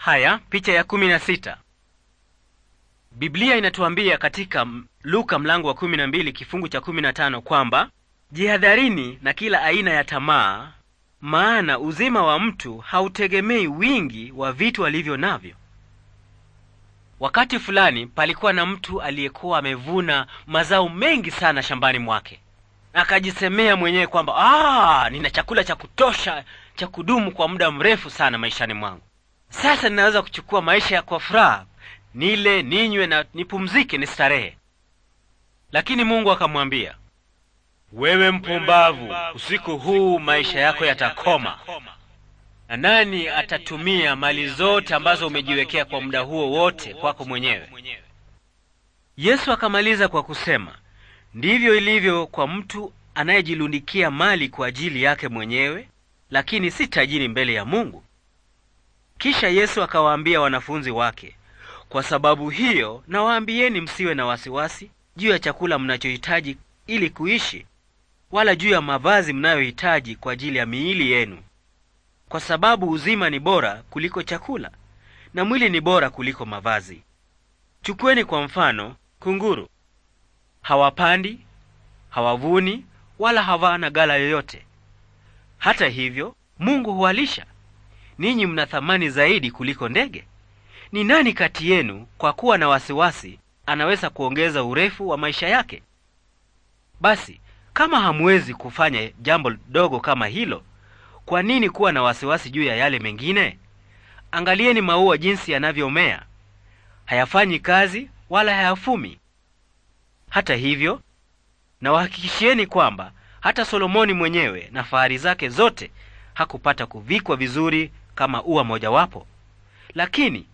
Haya, picha ya kumi na sita. Biblia inatuambia katika Luka mlango wa kumi na mbili kifungu cha kumi na tano kwamba jihadharini na kila aina ya tamaa, maana uzima wa mtu hautegemei wingi wa vitu alivyo navyo. Wakati fulani palikuwa na mtu aliyekuwa amevuna mazao mengi sana shambani mwake, akajisemea mwenyewe kwamba ah, nina chakula cha kutosha cha kudumu kwa muda mrefu sana maishani mwangu sasa ninaweza kuchukua maisha ya kwa furaha, nile, ninywe na nipumzike, ni starehe. Lakini Mungu akamwambia, wewe mpumbavu, usiku huu maisha yako yatakoma. Na nani atatumia mali zote ambazo umejiwekea kwa muda huo wote kwako mwenyewe? Yesu akamaliza kwa kusema, ndivyo ilivyo kwa mtu anayejilundikia mali kwa ajili yake mwenyewe, lakini si tajiri mbele ya Mungu. Kisha Yesu akawaambia wanafunzi wake, kwa sababu hiyo nawaambieni, msiwe na wasiwasi juu ya chakula mnachohitaji ili kuishi, wala juu ya mavazi mnayohitaji kwa ajili ya miili yenu, kwa sababu uzima ni bora kuliko chakula na mwili ni bora kuliko mavazi. Chukueni kwa mfano kunguru. Hawapandi, hawavuni, wala havana gala yoyote. Hata hivyo Mungu huwalisha ninyi mna thamani zaidi kuliko ndege? Ni nani kati yenu kwa kuwa na wasiwasi anaweza kuongeza urefu wa maisha yake? Basi kama hamwezi kufanya jambo dogo kama hilo, kwa nini kuwa na wasiwasi juu ya yale mengine? Angalieni maua jinsi yanavyomea, hayafanyi kazi wala hayafumi. Hata hivyo, nawahakikishieni kwamba hata Solomoni mwenyewe na fahari zake zote hakupata kuvikwa vizuri kama ua mojawapo. Lakini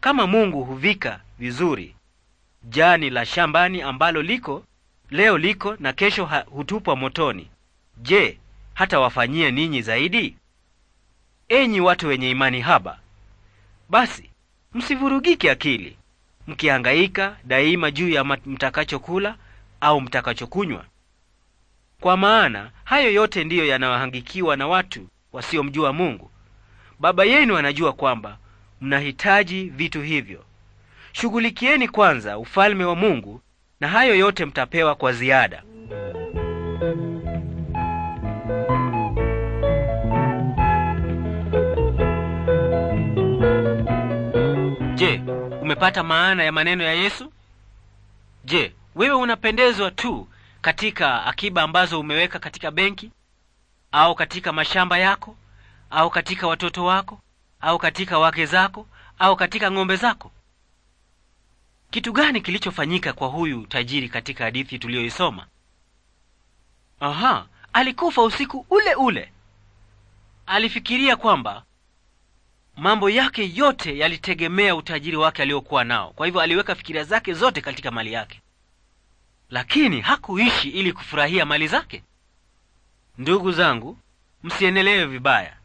kama Mungu huvika vizuri jani la shambani ambalo liko leo liko na kesho hutupwa motoni, je, hata wafanyia ninyi zaidi? Enyi watu wenye imani haba, basi msivurugike akili mkihangaika daima juu ya mtakachokula au mtakachokunywa, kwa maana hayo yote ndiyo yanayohangikiwa na watu wasiomjua Mungu. Baba yenu anajua kwamba mnahitaji vitu hivyo. Shughulikieni kwanza ufalme wa Mungu na hayo yote mtapewa kwa ziada. Je, umepata maana ya maneno ya Yesu? Je, wewe unapendezwa tu katika akiba ambazo umeweka katika benki au katika mashamba yako au katika watoto wako au katika wake zako au katika ng'ombe zako? Kitu gani kilichofanyika kwa huyu tajiri katika hadithi tuliyoisoma? Aha, alikufa usiku ule ule. Alifikiria kwamba mambo yake yote yalitegemea utajiri wake aliokuwa nao, kwa hivyo aliweka fikira zake zote katika mali yake, lakini hakuishi ili kufurahia mali zake. Ndugu zangu, msienelewe vibaya.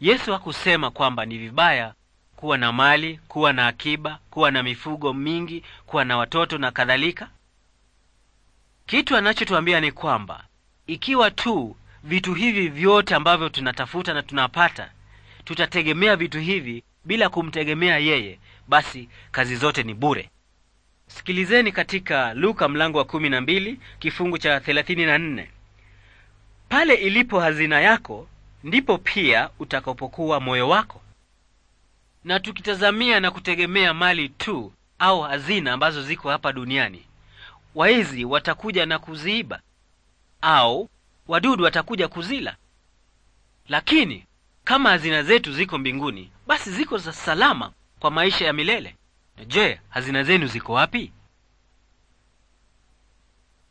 Yesu hakusema kwamba ni vibaya kuwa na mali, kuwa na akiba, kuwa na mifugo mingi, kuwa na watoto na kadhalika. Kitu anachotuambia ni kwamba ikiwa tu vitu hivi vyote ambavyo tunatafuta na tunapata, tutategemea vitu hivi bila kumtegemea yeye, basi kazi zote ni bure. Sikilizeni katika Luka mlango wa mbili kifungu cha nne Pale ilipo hazina yako, ndipo pia utakapokuwa moyo wako. Na tukitazamia na kutegemea mali tu au hazina ambazo ziko hapa duniani, waizi watakuja na kuziiba au wadudu watakuja kuzila. Lakini kama hazina zetu ziko mbinguni, basi ziko za salama kwa maisha ya milele. Je, hazina zenu ziko wapi?